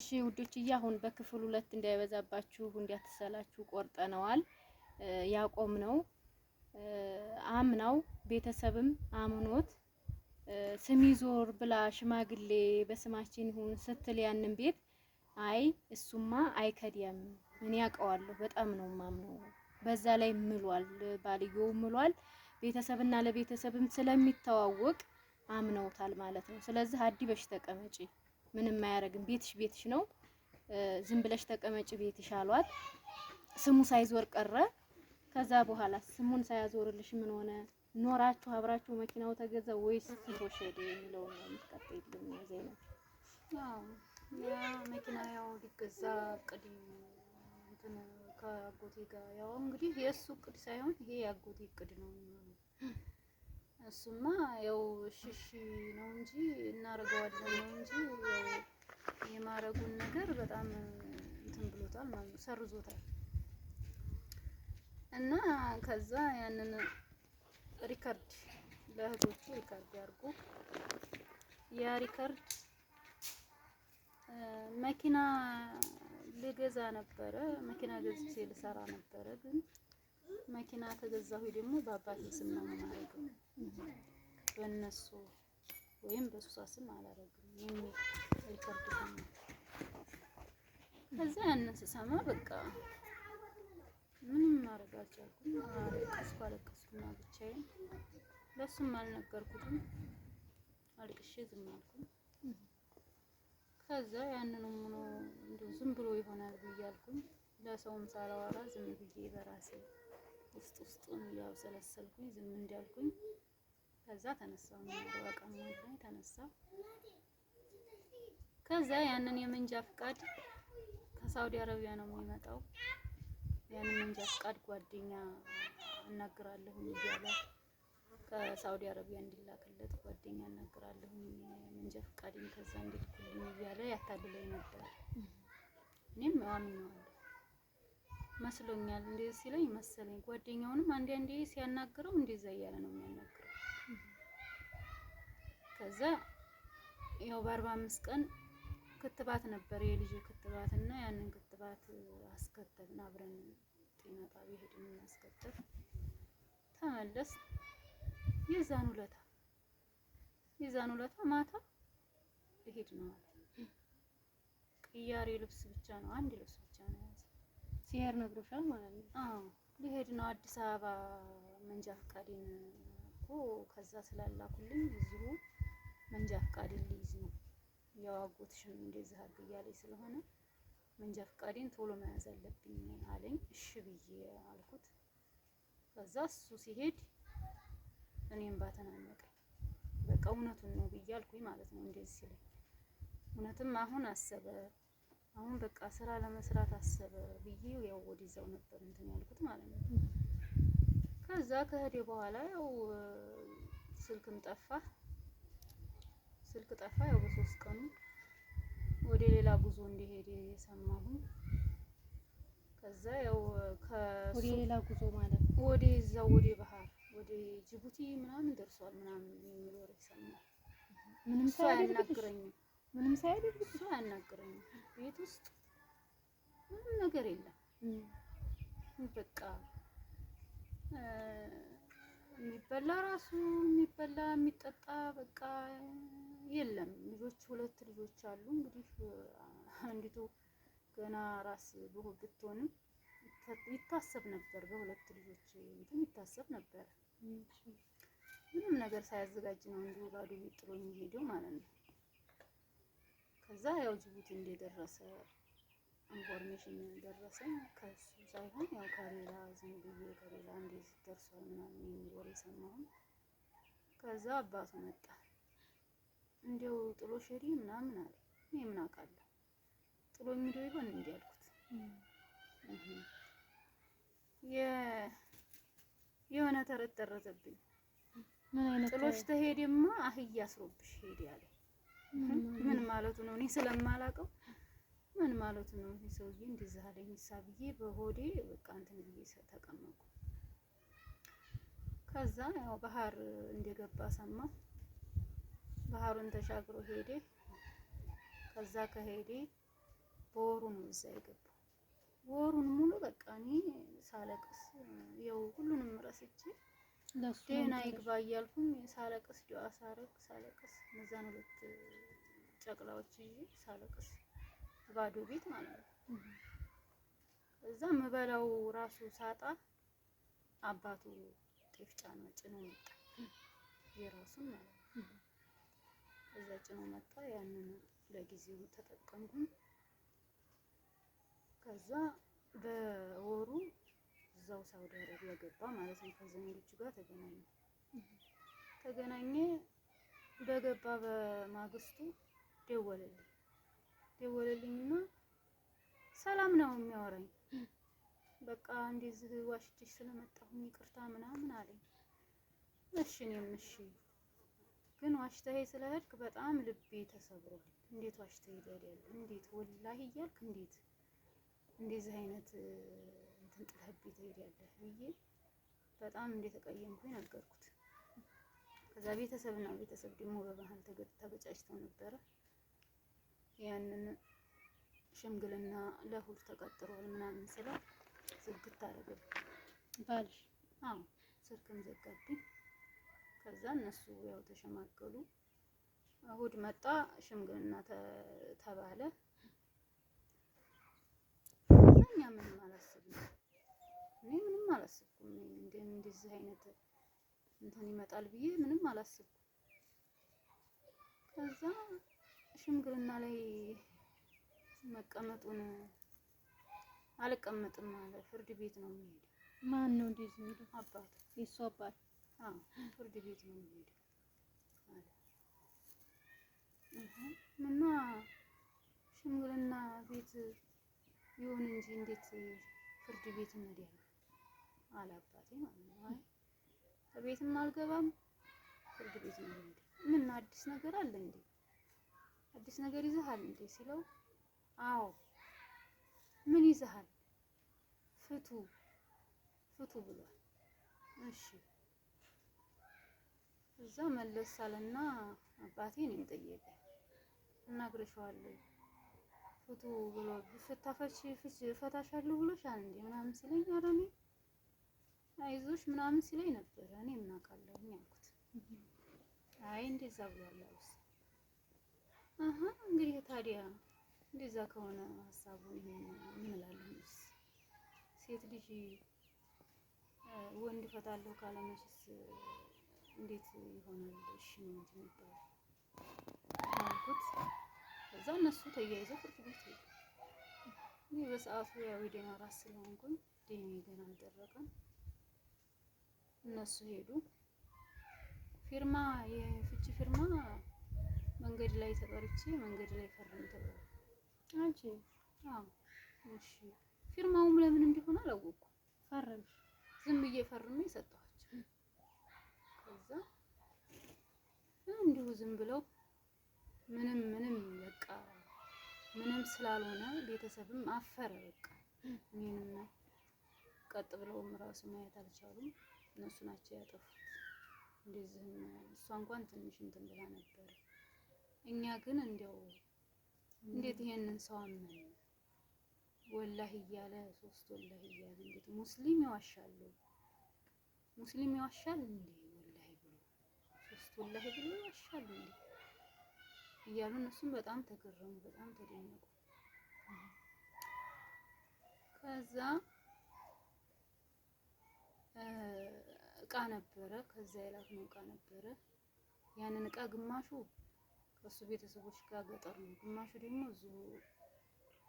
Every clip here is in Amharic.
እሺ ውዶችዬ አሁን በክፍል ሁለት እንዳይበዛባችሁ እንዲያትሰላችሁ ቆርጠነዋል። ያቆም ነው አምናው ቤተሰብም አምኖት ስሚ ዞር ብላ ሽማግሌ በስማችን ይሁን ስትል ያንን ቤት አይ እሱማ አይከዲያም እኔ ያውቀዋለሁ በጣም ነው ማምነው። በዛ ላይ ምሏል፣ ባልየው ምሏል። ቤተሰብና ለቤተሰብም ስለሚተዋወቅ አምነውታል ማለት ነው። ስለዚህ አዲ በሽ ተቀመጪ ምንም አያደርግም። ቤትሽ ቤትሽ ነው፣ ዝም ብለሽ ተቀመጭ ቤትሽ አሏት። ስሙ ሳይዞር ቀረ። ከዛ በኋላ ስሙን ሳያዞርልሽ ምን ሆነ? ኖራችሁ አብራችሁ መኪናው ተገዛ ወይስ ኪሮሽ ሄደ የሚለው ነው የሚቀጥልልኝ ዜና ያው መኪና ያው ሊገዛ እቅድ እንትን ከአጎቴ ጋር ያው እንግዲህ የእሱ እቅድ ሳይሆን ይሄ የአጎቴ እቅድ ነው የሚሆነው እሱማ ያው ሽሽ ነው እንጂ እናደርገዋለን ነው እንጂ የማረጉን ነገር በጣም እንትን ብሎታል ማለት ነው፣ ሰርዞታል። እና ከዛ ያንን ሪከርድ ለእህቶቹ ሪከርድ ያርጉ። ያ ሪከርድ መኪና ልገዛ ነበረ፣ መኪና ገዝቼ ልሰራ ነበረ ግን መኪና ከገዛሁ ደግሞ በአባቴ ስም ነው የማደርገው፣ በእነሱ ወይም በእሷ ስም አላደርግም የሚል ሪከርድ ነው። ከዛ ያንን ስሰማ በቃ ምንም ማድረግ አልቻልኩም። አለቀስኩ አለቀስኩና ብቻዬን ለሱም አልነገርኩትም። አልቅሼ ዝም አልኩኝ። ከዛ ያንንም ሆኖ እንደው ዝም ብሎ ይሆናል ብዬ አልኩኝ። ለሰውም ሳላወራ ዝም ብዬ በራሴ ውስጥ ውስጡን እያብሰለሰልኩኝ ዝም እንዳልኩኝ ከዛ ተነሳው በቀን ላይ ከዛ ያንን የመንጃ ፍቃድ ከሳውዲ አረቢያ ነው የሚመጣው። ያንን መንጃ ፍቃድ ጓደኛ እናግራለሁ እያለ ከሳውዲ አረቢያ እንዲላክለት ጓደኛ አናግራለሁ መንጃ ፍቃድን ከዛ እንዲልኩልኝ እያለ ያታልለኝ ነበር። እኔም አምነዋለሁ። መስሎኛል እንደዚህ ሲለኝ መሰለኝ። ጓደኛውንም አንዴ አንዴ ሲያናግረው እንደዛ እያለ ነው የሚያናግረው። ከዛ ያው በአርባ አምስት ቀን ክትባት ነበር የልጁ ክትባት እና ያንን ክትባት አስከተብን አብረን ጤና ጣቢያ ሄድን እናስከተብ ተመለስ የዛን ውለታ የዛን ውለታ ማታ እሄድ ነው ቅያሬ ልብስ ብቻ ነው አንድ ልብስ ብቻ ነው ሲሄድ ነግሮሻል ማለት ነው? አዎ ሊሄድ ነው አዲስ አበባ መንጃ ፈቃዴን እኮ ከዛ ስላላኩልኝ እዚሁ መንጃ ፈቃዴን ሊይዝ ነው። ያው እንደዚህ አድርግ እያለኝ ስለሆነ መንጃ ፈቃዴን ቶሎ መያዝ አለብኝ አለኝ። እሺ ብዬ አልኩት። ከዛ እሱ ሲሄድ እኔም ባተናነቀኝ በቃ እውነቱን ነው ብዬ አልኩኝ ማለት ነው። እንደዚህ ሲለኝ እውነትም አሁን አሰበ አሁን በቃ ስራ ለመስራት አሰበ ብዬ ያው ወደዛው ነበር እንትን ያልኩት ማለት ነው። ከዛ ከሄደ በኋላ ያው ስልክም ጠፋ፣ ስልክ ጠፋ። ያው በሶስት ቀኑ ወደ ሌላ ጉዞ እንደሄደ የሰማሁኝ። ከዛ ያው ወደ ሌላ ጉዞ ማለት ወደ እዛው ወደ ባህር ወደ ጅቡቲ ምናምን ደርሷል ምናምን የሚል ወሬ ሰማሁ። ምንም ሰው ምንም ሳይደርግ ብዙ አያናግረኝም። ቤት ውስጥ ምንም ነገር የለም። በቃ የሚበላ ራሱ የሚበላ የሚጠጣ በቃ የለም። ልጆች ሁለት ልጆች አሉ። እንግዲህ አንዲቱ ገና ራስ ብሆ ብትሆንም ይታሰብ ነበር፣ በሁለት ልጆች እንትን ይታሰብ ነበር። ምንም ነገር ሳያዘጋጅ ነው እንዲሁ ባዶ ጥሎ የሚሄደው ማለት ነው። ከዛ ያው ጅቡቲ እንደደረሰ ኢንፎርሜሽን ደረሰኝ። ከሱ ሳይሆን ያው ከሌላ ዝም ብዬ ከሌላ እንዴት ደርሰው ምናምን የሚል ወሬ ሰማሁኝ። ከዛ አባቱ መጣ እንዲያው ጥሎ ሸሪ ምናምን አለ። እኔ ምን አውቃለሁ ጥሎ የሚለው ይሆን እንዲህ አልኩት። የሆነ ተረት ተረተብኝ። ጥሎሽ ተሄድማ አህያ አስሮብሽ ሄድ ያለ ምን ማለቱ ነው? እኔ ስለማላውቀው ምን ማለቱ ነው? ይሄ ሰውዬ እንደዚህ አለኝ እሳ ብዬ በሆዴ በቃ እንትን ብዬ ተቀመጥኩ። ከዛ ያው ባህር እንደገባ ሰማ። ባህሩን ተሻግሮ ሄደ። ከዛ ከሄደ በወሩ ነው እዛ የገባው። ወሩን ሙሉ በቃ እኔ ሳለቅስ ያው ሁሉንም ረስቼ ጤና ይግባ እያልኩኝ ሳለቅስ ዱአ ሳረግ ሳለቅስ እነዛን ሁለት ጨቅላዎች ይዤ ሳለቅስ ባዶ ቤት ማለት ነው። እዛ ምበላው ራሱ ሳጣ አባቱ ጤፍ ጫና ጭኖ መጣ፣ የራሱን ማለት ነው። እዛ ጭኖ መጣ። ያንን ለጊዜው ተጠቀምኩኝ። ከዛ በወሩ እዛው ሳውዲ አረቢያ ገባ ማለት ነው። ከዘመዶቹ ጋር ተገናኘ ተገናኘ በገባ በማግስቱ ደወለልኝ እና ሰላም ነው የሚያወራኝ። በቃ እንደዚህ ዋሽቼሽ ስለመጣሁኝ ይቅርታ ምናምን አለኝ። እሺ እኔም እሺ ግን ዋሽተህ ስለሄድክ በጣም ልቤ ተሰብሯል። እንዴት ዋሽተህ ሄዳለህ? እንዴት ወላሂ እያልክ እንዴት እንደዚህ አይነት ቤትህን ጥለህብኝ ትሄዳለህ ብዬ በጣም እንደተቀየምኩኝ ነገርኩት። ከዛ ቤተሰብና ቤተሰብ ደግሞ በባህል ተበጫጭተው ነበረ። ያንን ሽምግልና ለእሑድ ተቀጥሯል ምናምን ስለው ዝግት አደረገብኝ ባልሽ። አዎ ስልክም ዘጋብኝ። ከዛ እነሱ ያው ተሸማገሉ። እሑድ መጣ፣ ሽምግልና ተባለ። እኛ ምንም አላሰብንም። እኔ ምንም አላሰብኩም አላስብኩም። እንደዚህ አይነት እንትን ይመጣል ብዬ ምንም አላሰብኩም። ከዛ ሽምግልና ላይ መቀመጡን አልቀመጥም አለ። ፍርድ ቤት ነው የሚሄደው። ማን ነው እንደዚህ የሚሄደው? አባቱ የእሱ አባት። አዎ ፍርድ ቤት ነው የሚሄደው አለ እና ሽምግልና ቤት ይሁን እንጂ እንዴት ፍርድ ቤት እንሄዳለን? አለ አባቴ ማለት ነው። አይ ቤትም አልገባም ፍርድ ቤት ነው እንዴ? ምን አዲስ ነገር አለ እንዴ? አዲስ ነገር ይዘሃል እንዴ ሲለው፣ አዎ ምን ይዘሃል? ፍቱ ፍቱ ብሏል። እሺ እዛ መለስ አለና አባቴ ነው ጠየቀ። እናግረሻዋለሁ ፍቱ ብሎ ፈታፈሽ ፈታሻለሁ ብሎሻል እንዴ ምናምን ሲለኝ አረ አይዞሽ ምናምን ሲለኝ ነበረ። እኔ ምን አውቃለሁ ያልኩት። አይ እንደዛ ብሏል አሀ እንግዲህ ታዲያ እንደዛ ከሆነ ሀሳቡ ይሄን ምን እላለሁ። ሴት ልጅ ወንድ እፈታለሁ ካለመችስ እንዴት ይሆናል? እሺ ነው እንጂ የሚባለው አልኩት። እዛ እነሱ ተያይዘው ፍርድ ቤት ሄዱ። እኔ በሰዓቱ ያው ደና ራስ ስለሆንኩኝ ደኔ ገና አልደረቀም። እነሱ ሄዱ። ፊርማ የፍቺ ፊርማ መንገድ ላይ ተጠርቼ መንገድ ላይ ፈርም ተባለ። አንቺ እሺ። ፊርማውም ለምን እንደሆነ አላወቁ? ፈርም ዝም ብዬ ፈርሜ ሰጠኋቸው። ከዛ እንዲሁ ዝም ብለው ምንም ምንም በቃ ምንም ስላልሆነ ቤተሰብም አፈረ። በቃ ምንም ቀጥ ብለውም ራሱ ማየት አልቻሉም። እነሱ ናቸው ያጠፉት። እንደዚህም እሷ እንኳን ትንሽ እንትን ብላ ነበረ እኛ ግን እንዲያው እንዴት ይሄንን ሰው አመን ወላህ እያለ ሶስት ወላህ እያለ እንዴት ሙስሊም ይዋሻል? ሙስሊም ይዋሻል እንዴ? ወላህ ብሎ ሶስት ወላህ ብሎ ይዋሻል እንዴ? እያሉ እነሱም በጣም ተገረሙ፣ በጣም ተደነቁ። ከዛ እቃ ነበረ፣ ከዛ የላት ነው እቃ ነበረ። ያንን እቃ ግማሹ ከሱ ቤተሰቦች ጋር ገጠር ነው፣ ግማሹ ደግሞ እዚሁ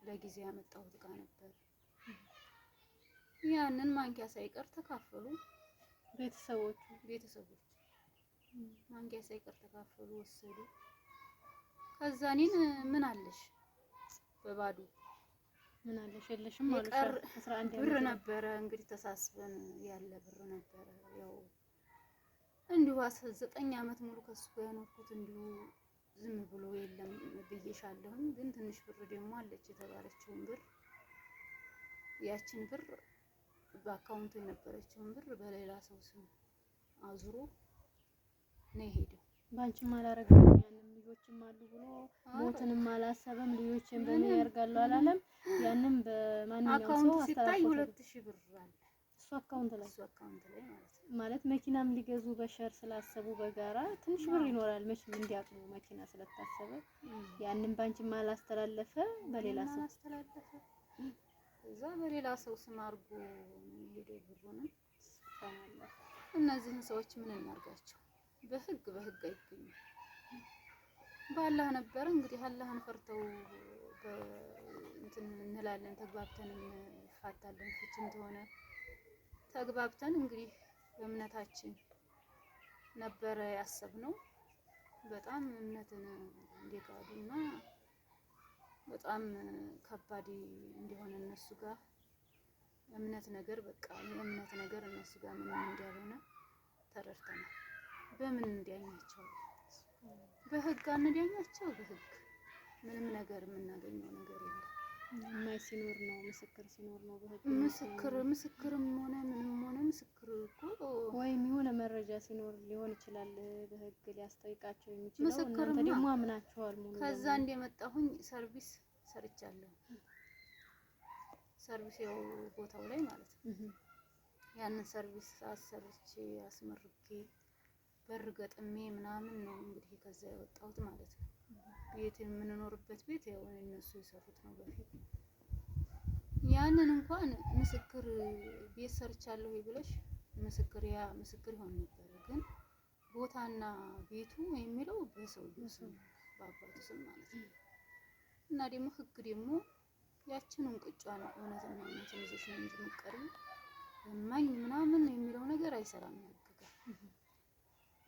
ለጊዜ ያመጣሁት እቃ ነበር። ያንን ማንኪያ ሳይቀር ተካፈሉ ቤተሰቦቹ ቤተሰቦቹ ማንኪያ ሳይቀር ተካፈሉ፣ ወሰዱ። ከዛ እኔን ምን አለሽ በባዶ ምን አለሽ የለሽም አሉሻል። ብር ነበረ እንግዲህ ተሳስበን ያለ ብር ነበረ። ያው እንዲሁ አስራ ዘጠኝ ዓመት ሙሉ ከሱ ጋር የኖርኩት እንዲሁ ዝም ብሎ የለም ብዬሻለሁኝ። ግን ትንሽ ብር ደግሞ አለች የተባለችውን ብር ያችን ብር በአካውንቱ የነበረችውን ብር በሌላ ሰው ስም አዙሮ ነው የሄደው። ባንቺም አላረግም ልጆችም አሉ ብሎ ሞትንም አላሰበም። ልጆችን በእኔ ያርጋሉ አላለም። ያንም በማንኛውም ሰው ሲታይ ሁለት ሺህ ብር አለ እሱ አካውንት ላይ ማለት መኪናም ሊገዙ በሸር ስላሰቡ በጋራ ትንሽ ብር ይኖራል መቼም እንዲያቅሙ መኪና ስለታሰበ ያንም ባንቺም አላስተላለፈ በሌላ ሰው አስተላለፈ። እዛ በሌላ ሰው ስም አድርጎ ሄደ ብሩንም እነዚህን ሰዎች ምን እናርጋቸው? በህግ በህግ አይገኙም። በአላህ ነበረ እንግዲህ አላህን ፈርተው እንትን እንላለን ተግባብተን እንፋታለን። ፍቺም ተሆነ ተግባብተን እንግዲህ እምነታችን ነበረ ያሰብነው። በጣም እምነትን እንዲካዱና በጣም ከባድ እንዲሆነ እነሱ ጋር እምነት ነገር በቃ የእምነት ነገር እነሱ ጋር ምንም እንዳልሆነ ተረድተናል። በምን እንዲያኛቸው በህግ አንዳኛቸው በህግ ምንም ነገር የምናገኘው ነገር የለም። ማይ ሲኖር ነው ምስክር ሲኖር ነው በህግ ምስክር ምስክርም ሆነ ምንም ሆነ ምስክር እኮ ወይም የሆነ መረጃ ሲኖር ሊሆን ይችላል በህግ ሊያስጠይቃቸው የሚችለው እናንተ ደግሞ አምናቸዋል። ሙሉ ከዛ እንደመጣሁኝ ሰርቪስ ሰርቻለሁ። ሰርቪስ ያው ቦታው ላይ ማለት ነው። ያንን ሰርቪስ አሰርቼ አስመርጌ በር ገጥሜ ምናምን ነው እንግዲህ ከዛ የወጣሁት ማለት ነው። ቤት የምንኖርበት ቤት ያው እነሱ የሰሩት ነው በፊት። ያንን እንኳን ምስክር ቤት ሰርቻለሁ ብለሽ ምስክር ያ ምስክር ይሆን ነበር፣ ግን ቦታና ቤቱ የሚለው በሰው ስም በአባቱ ስም ማለት ነው። እና ደግሞ ህግ ደግሞ ያችንን እንቅጫ ነው እውነት ነው እንጂ ምቀሪ እማኝ ምናምን የሚለው ነገር አይሰራም ህግ ጋር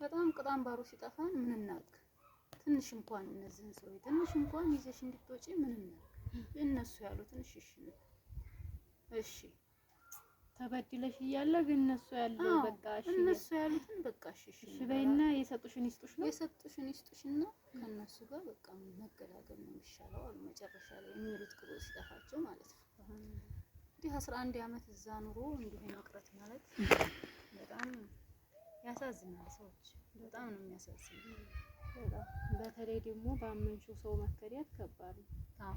በጣም ቅጣም ባሩ ሲጠፋን ምን እናድርግ? ትንሽ እንኳን እነዚህን ሰው ትንሽ እንኳን ይዘሽ እንድትወጪ ምን እናድርግ? እነሱ ያሉትን እሺ፣ እሺ ተበድለሽ እያለ ግን እነሱ ያለው በቃ እሺ፣ እነሱ ያሉትን በቃ እሺ፣ እሺ በይና የሰጡሽን ይስጡሽ ነው የሰጡሽን ይስጡሽ እና ከእነሱ ጋር በቃ መገዳደል ነው የሚሻለው አሉ መጨረሻ ላይ የሚሉት ቅሎ ሲጠፋቸው ማለት ነው። እንግዲህ አስራ አንድ አመት እዛ ኑሮ እንዲሁ መቅረት ማለት በጣም ያሳዝናል። ሰዎች በጣም ነው የሚያሳዝነው። በተለይ ደግሞ በአመንሽው ሰው መከዳት ከባድ ነው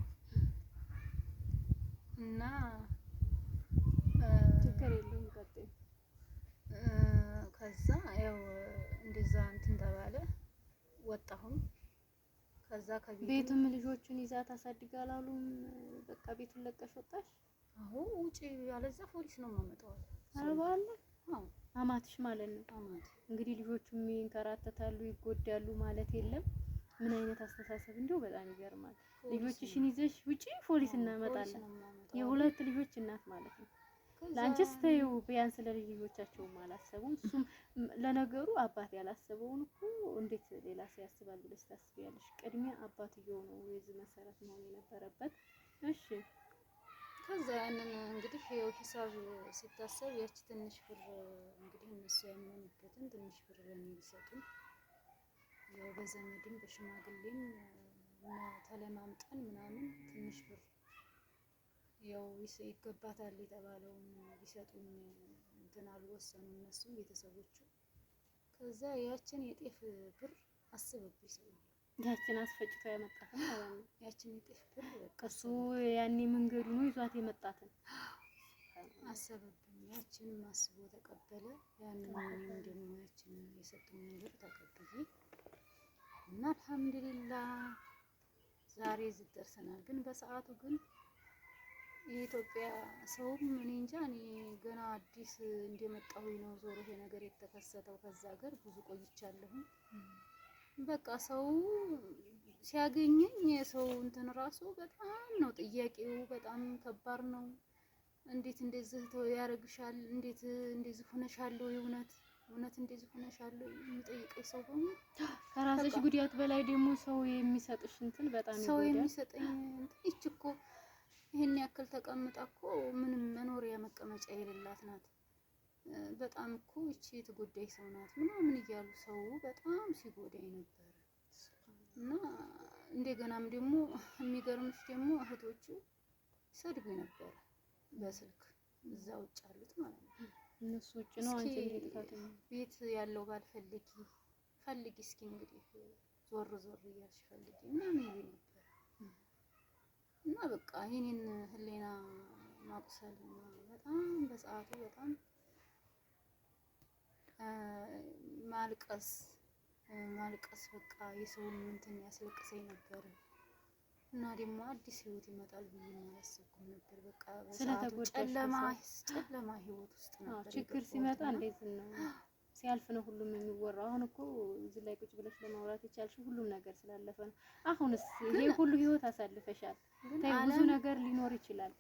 እና ችግር የለውም ቀጥይ። ከዛ ያው እንደዛ እንትን ተባለ ወጣሁኝ። ከዛ ከቤት ቤቱም ልጆቹን ይዛ ታሳድጋ አላሉም። በቃ ቤቱን ለቀሽ ወጣሽ። አሁን ውጪ፣ ያለዛ ፖሊስ ነው የማመጣው። አልባለ አማትሽ ማለት ነው። እንግዲህ ልጆቹም ይንከራተታሉ ይጎዳሉ ማለት የለም። ምን አይነት አስተሳሰብ እንደው በጣም ይገርማል። ልጆችሽን ይዘሽ ውጪ ፖሊስ እናመጣለን። የሁለት ልጆች እናት ማለት ነው። ለአንቺስ ተይው ቢያንስ ለልጅ ልጆቻቸውም አላሰቡም። እሱም ለነገሩ አባት ያላሰበውን እኮ እንዴት ሌላ ሰው ያስባል ብለሽ ታስቢያለሽ? ቅድሚያ አባትየው ነው የዚህ መሰረት መሆን የነበረበት። እሺ ከዛ ያንን እንግዲህ ይኸው ሂሳብ ሲታሰብ ያቺ ትንሽ ብር እንግዲህ እነሱ ያመኑበትን ትንሽ ብር ለእኔ ያው በዘመድም በሽማግሌም ተለማምጠን ምናምን ትንሽ ብር ያው ይገባታል የተባለውን ሊሰጡን እንትን አልወሰኑ እነሱም ቤተሰቦቹ። ከዛ ያችን የጤፍ ብር አስበው ይሰጡናል። ያችን አስፈጭቶ ያመጣትን ማለት ነው። ያችን እሱ ያኔ መንገዱ ነው ይዟት የመጣትን አሰበብን። ያችን አስቦ ተቀበለ። ያንን እኔም ደግሞ ያችን የሰጠኝ ነገር ተቀብዬ እና አልሐምዱሊላህ ዛሬ እዚህ ደርሰናል። ግን በሰዓቱ ግን የኢትዮጵያ ሰውም እኔ እንጃ እኔ ገና አዲስ እንደመጣሁኝ ነው ዞሮ ይሄ ነገር የተከሰተው። ከዛ ሀገር ብዙ ቆይቻለሁኝ በቃ ሰው ሲያገኘኝ የሰው እንትን ራሱ በጣም ነው ጥያቄው፣ በጣም ከባድ ነው። እንዴት እንደዚህ ያደርግሻል? እንዴት እንደዚህ ሆነሻል? የእውነት እውነት እንደዚህ ሆነሻል? የሚጠይቀኝ ሰው ደግሞ ከራስሽ ጉዳት በላይ ደግሞ ሰው የሚሰጥሽ እንትን በጣም ሰው የሚሰጠኝ እንትን ይች እኮ ይህን ያክል ተቀምጣ እኮ ምንም መኖሪያ መቀመጫ የሌላት ናት። በጣም እኮ ይቺ የተጎዳይ ሰው ናት ምናምን እያሉ ሰው በጣም ሲጎዳኝ ነበረ። እና እንደገናም ደግሞ የሚገርምሽ ደግሞ እህቶቹ ሰድቡ ነበር በስልክ እዛ ውጭ አሉት ማለት ነው። እነሱ ውጭ ነው ቤት ያለው ባል ፈልጊ ፈልጊ እስኪ እንግዲህ ዞር ዞር እያልሽ ፈልጊ ምናምን ይሉ ነበር። እና በቃ ይህንን ህሌና ማቁሰል በጣም በሰዓቱ በጣም ማልቀስ ማልቀስ በቃ የሰውን እንትን ያስለቅሰኝ ነበር እና ደግሞ አዲስ ህይወት ይመጣል ብዬ አላሰብኩም ነበር። በቃ ጨለማ ጨለማ ህይወት ውስጥ ነበር። ችግር ሲመጣ እንዴት ነው ሲያልፍ ነው ሁሉም የሚወራው። አሁን እኮ እዚህ ላይ ቁጭ ብለሽ ለማውራት የቻልሽ ሁሉም ነገር ስላለፈ ነው። አሁንስ ይሄ ሁሉ ህይወት አሳልፈሻል። ብዙ ነገር ሊኖር ይችላል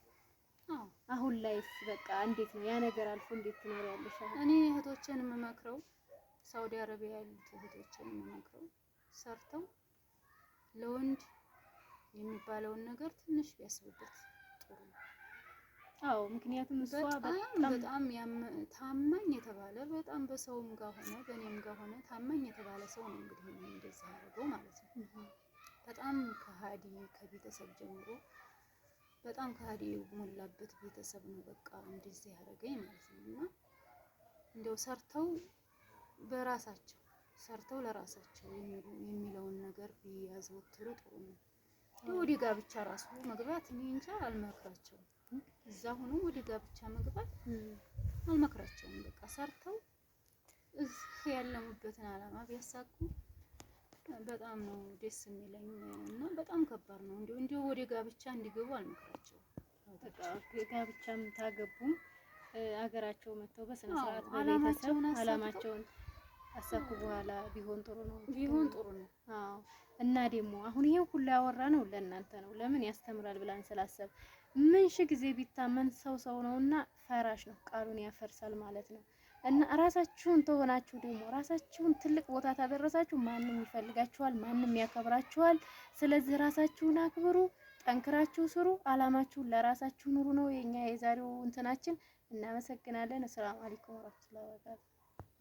አሁን ላይስ በቃ እንዴት ነው ያ ነገር አልፎ እንዴት ትኖሪያለሽ? እኔ እህቶችን የምመክረው ሳውዲ አረቢያ ያሉት እህቶችን የምመክረው ሰርተው ለወንድ የሚባለውን ነገር ትንሽ ቢያስብበት ጥሩ ነው። አዎ ምክንያቱም እሷ በጣም ታማኝ የተባለ በጣም በሰውም ጋር ሆነ በእኔም ጋር ሆነ ታማኝ የተባለ ሰው ነው እንግዲህ እንደዚህ አድርጎ ማለት ነው። በጣም ከሀዲ ከቤተሰብ ጀምሮ በጣም ከሃዲ የሞላበት ቤተሰብ ነው። በቃ እንደዚህ ያደረገኝ ማለት ነው። እና እንደው ሰርተው በራሳቸው ሰርተው ለራሳቸው የሚለውን ነገር ቢያዘወትሩ ጥሩ ነው። ወደ ጋብቻ ራሱ መግባት እኔ እንጃ አልመክራቸውም። እዛ ሆኖ ወደ ጋብቻ መግባት አልመክራቸውም። በቃ ሰርተው እዚህ ያለሙበትን አላማ ቢያሳኩ በጣም ነው ደስ የሚለኝ እና በጣም ከባድ ነው። እንዲሁ እንዲሁ ወደ ጋብቻ እንዲገቡ አልመክራቸውም። ጋብቻም ታገቡም አገራቸው መጥተው በስነ ስርዓት በቤተሰብ አላማቸውን አሳኩ በኋላ ቢሆን ጥሩ ነው ቢሆን ጥሩ ነው። አዎ እና ደግሞ አሁን ይሄ ሁሉ ያወራ ነው ለእናንተ ነው። ለምን ያስተምራል ብላን ስላሰብ ምን ሺ ጊዜ ቢታመን ሰው ሰው ነው እና ፈራሽ ነው፣ ቃሉን ያፈርሳል ማለት ነው። እና ራሳችሁን ተሆናችሁ ደግሞ ራሳችሁን ትልቅ ቦታ ታደረሳችሁ፣ ማንም ይፈልጋችኋል፣ ማንም ያከብራችኋል። ስለዚህ ራሳችሁን አክብሩ፣ ጠንክራችሁ ስሩ፣ አላማችሁን ለራሳችሁ ኑሩ ነው የኛ የዛሬው እንትናችን። እናመሰግናለን። አሰላሙ አለይኩም ወራህመቱላሂ ወበረካቱ